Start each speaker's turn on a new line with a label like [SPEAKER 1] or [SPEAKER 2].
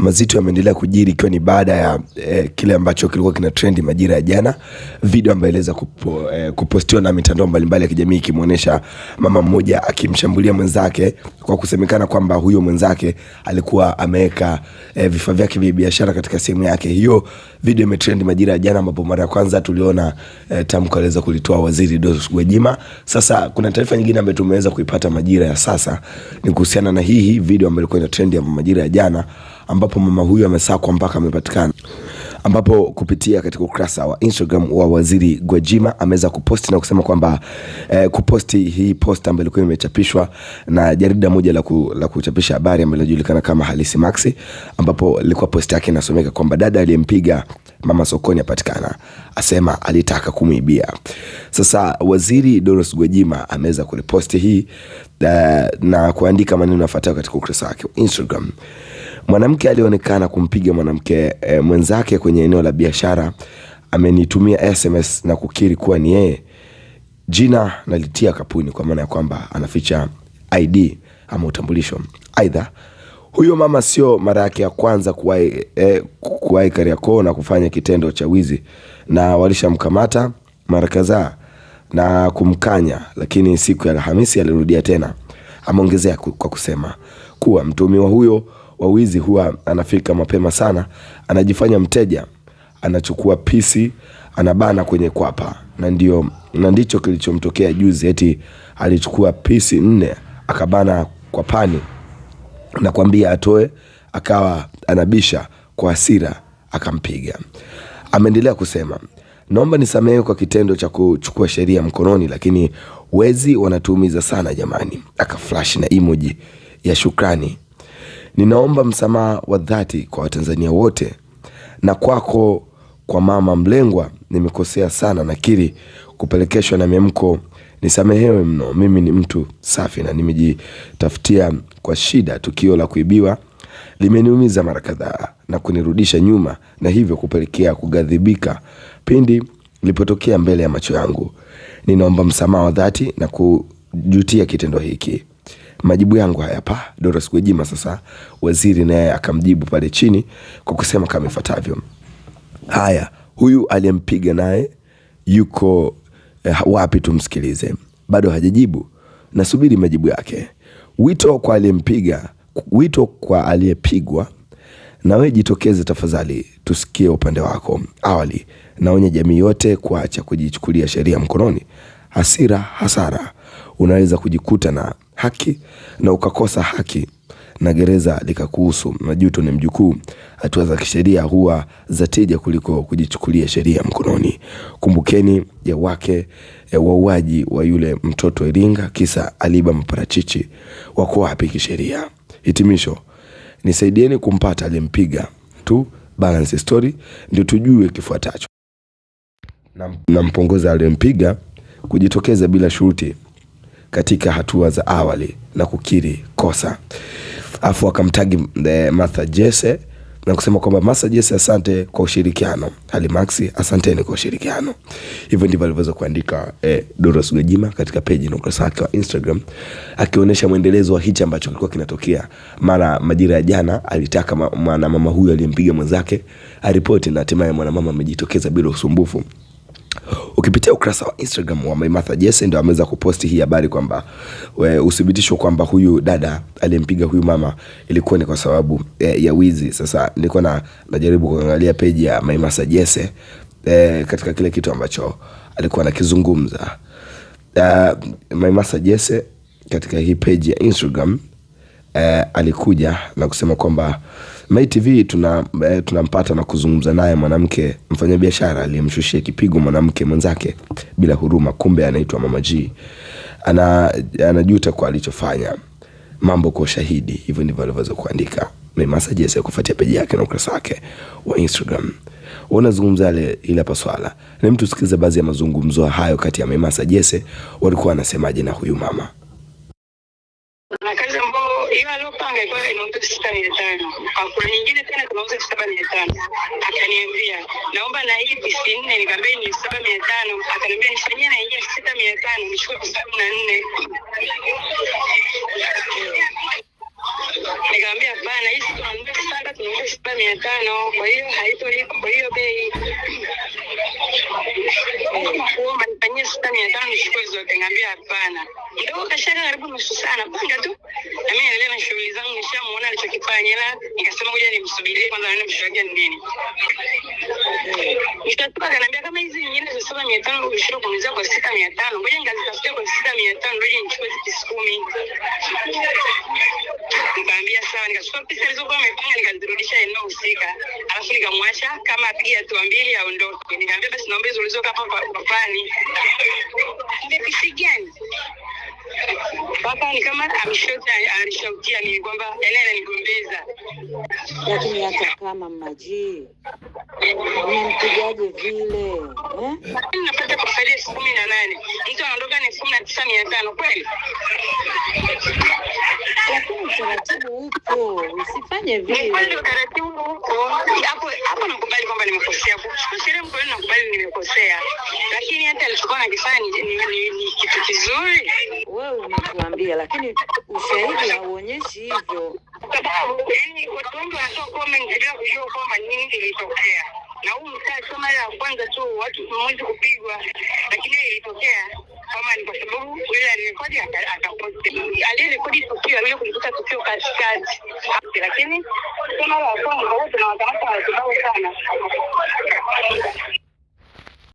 [SPEAKER 1] mazito yameendelea kujiri ikiwa ni baada ya eh, kile ambacho kilikuwa kina trend majira ya jana, video ambayo iliweza kupo, eh, kupostiwa na mitandao mbalimbali ya kijamii ikimwonyesha mama mmoja akimshambulia mwenzake kwa kusemekana kwamba huyo mwenzake alikuwa ameweka eh, vifaa vyake vya biashara katika sehemu yake. Hiyo video imetrend majira ya jana, ambapo mara ya kwanza tuliona eh, tamko aliweza kulitoa waziri Dos Gwajima. Sasa kuna taarifa nyingine ambayo tumeweza kuipata majira ya sasa ni kuhusiana na hii hii video ambayo ilikuwa ina trend ya majira ya jana ambapo mama huyu amesakwa mpaka amepatikana, ambapo kupitia katika ukurasa wa Instagram wa Waziri Gwajima ameweza kuposti na kusema kwamba eh, kuposti hii post ambayo ilikuwa imechapishwa na jarida moja la, ku, la kuchapisha habari ambalo linajulikana kama Halisi Maxi, ambapo ilikuwa post yake inasomeka kwamba dada aliyempiga mama sokoni apatikana, asema alitaka kumuibia. Sasa Waziri Doros Gwajima ameweza kuliposti hii da, eh, na kuandika maneno yafuatayo katika ukurasa wake wa Instagram. Mwanamke alionekana kumpiga mwanamke e, mwenzake kwenye eneo la biashara amenitumia SMS na kukiri kuwa ni yeye. Jina nalitia kapuni, kwa maana ya kwamba anaficha ID ama utambulisho. Aidha, huyo mama sio mara yake ya kwanza kuwahi e, kuwahi Kariakoo na kufanya kitendo cha wizi, na walishamkamata mara kadhaa na kumkanya, lakini siku ya Alhamisi alirudia tena. Ameongezea kwa kusema kuwa mtuhumiwa huyo wa wizi huwa anafika mapema sana, anajifanya mteja, anachukua pisi, anabana kwenye kwapa, na ndio na ndicho kilichomtokea juzi. Eti alichukua pisi nne akabana kwa pani na kwambia atoe, akawa anabisha kwa hasira, akampiga. Ameendelea kusema naomba nisamehe kwa kitendo cha kuchukua sheria mkononi, lakini wezi wanatuumiza sana jamani. Akaflash na emoji ya shukrani. Ninaomba msamaha wa dhati kwa Watanzania wote na kwako kwa mama mlengwa. Nimekosea sana, nakiri kupelekeshwa na miamko. Nisamehewe mno, mimi ni mtu safi na nimejitafutia kwa shida. Tukio la kuibiwa limeniumiza mara kadhaa na kunirudisha nyuma, na hivyo kupelekea kugadhibika pindi lipotokea mbele ya macho yangu. Ninaomba msamaha wa dhati na kujutia kitendo hiki. Majibu yangu haya pa Doros Gwejima. Sasa waziri naye akamjibu pale chini kwa kusema kama ifuatavyo: haya, huyu aliyempiga naye yuko eh, wapi? Tumsikilize, bado hajajibu, nasubiri majibu yake. Wito kwa aliyempiga, wito kwa aliyepigwa nawe jitokeze tafadhali, tusikie upande wako. Awali naonya jamii yote kuacha kujichukulia sheria mkononi. Hasira hasara, unaweza kujikuta na haki na ukakosa haki na gereza likakuhusu. Majuto ni mjukuu. Hatua za kisheria huwa za tija kuliko kujichukulia sheria mkononi. Kumbukeni ya wake ya wauaji wa yule mtoto Iringa, kisa aliba maparachichi. Wako wapi kisheria? Hitimisho, nisaidieni kumpata aliyempiga tu. Balance story ndio tujue kifuatacho. Nampongoza aliyempiga kujitokeza bila shuruti katika hatua za awali na kukiri kosa. Afu akamtagi eh, Martha Jesse na kusema kwamba Martha Jesse, asante kwa ushirikiano. Halimaxi, asanteni kwa ushirikiano. Hivyo ndivyo alivyoweza kuandika eh, Dorus Gwajima katika peji na ukurasa wake wa Instagram akionyesha mwendelezo wa hichi ambacho kilikuwa kinatokea. Mara majira ya jana alitaka mwanamama huyo aliyempiga mwenzake aripoti, na hatimaye mwanamama amejitokeza bila usumbufu. Ukipitia ukurasa wa Instagram wa Martha Jesse ndio ameweza kuposti hii habari kwamba uthibitisho kwamba huyu dada aliyempiga huyu mama ilikuwa ni kwa sababu e, ya wizi. Sasa nilikuwa na najaribu kuangalia peji ya Martha Jesse e, katika kile kitu ambacho alikuwa anakizungumza uh, e, Martha Jesse katika hii peji ya Instagram e, alikuja na kusema kwamba MayTV tuna eh, tunampata na kuzungumza naye mwanamke mfanyabiashara aliyemshushia kipigo mwanamke mwenzake bila huruma, kumbe anaitwa Mama G. Ana, anajuta kwa alichofanya, mambo kwa ushahidi. Hivyo ndivyo alivyoweza kuandika Maimartha Jesse kufuatia peji yake na ukurasa wake wa Instagram. Wanazungumza ile ile paswala. Ni mtu sikiza baadhi ya mazungumzo hayo kati ya Maimartha Jesse walikuwa wanasemaje na huyu mama na kazi ambayo hiyo aliyopanga ilikuwa inauza elfu sita mia tano akura nyingine tena tunauza elfu saba mia tano akaniambia naomba na hii pisi nne nikaambia ni elfu saba mia tano akaniambia nifanyie na yenyewe elfu sita mia tano nichukue elfu saba na nne nikaambia hapana hii tunauza elfu saba tunauza elfu saba mia tano kwa hiyo haitolipa kwa hiyo bei kuomba nifanyie elfu sita mia nichukue zote. Ngambia hapana, ndio kashaka karibu nusu sana, panga tu na mimi niendelee na
[SPEAKER 2] shughuli zangu. Nishamuona alichokifanya, ila nikasema ngoja nimsubirie kwanza, naona mshahara wake ni nini. Nikatoka kaniambia kama hizi nyingine za saba mia tano ushuru kuongezea kwa sita mia tano ngoja nikazitafutia kwa sita mia tano ngoja nichukue hizi kumi. Nikaambia sawa, nikachukua pesa nilizokuwa nimepanga nikazirudisha eneo husika, alafu nikamwacha kama apige hatua mbili aondoke. Nikaambia basi naomba hizo ulizoka hapa kwa Nimepisi gani? Papa ni kama ameshota alishautia ni kwamba yeye yaani ananigombeza. Lakini hata kama maji Unampigaje vile?
[SPEAKER 3] Lakini eh? napata kwa faida elfu kumi na nane mtu anaondoka na elfu kumi na tisa mia tano kweli?
[SPEAKER 2] Lakini utaratibu upo, usifanye vile.
[SPEAKER 3] Utaratibu upo hapo hapo, nakubali kwamba nimekosea. Sheria mkononi, nakubali nimekosea, lakini hata alichokuwa nakifanya ni kitu kizuri.
[SPEAKER 2] Wewe unatuambia, lakini ushahidi hauonyeshi hivyo
[SPEAKER 3] kwa sababu yani watu wengi wanasokuwa wameendelea kujua kwamba nini kilitokea, na huu mtaa sio mara ya kwanza tu watu mwezi kupigwa, lakini ilitokea kama ni kwa sababu yule alirekodi akaposti, aliyerekodi tukio yule kulikuta tukio katikati, lakini sio mara ya kwanza. Wote tunawakamata watibabu sana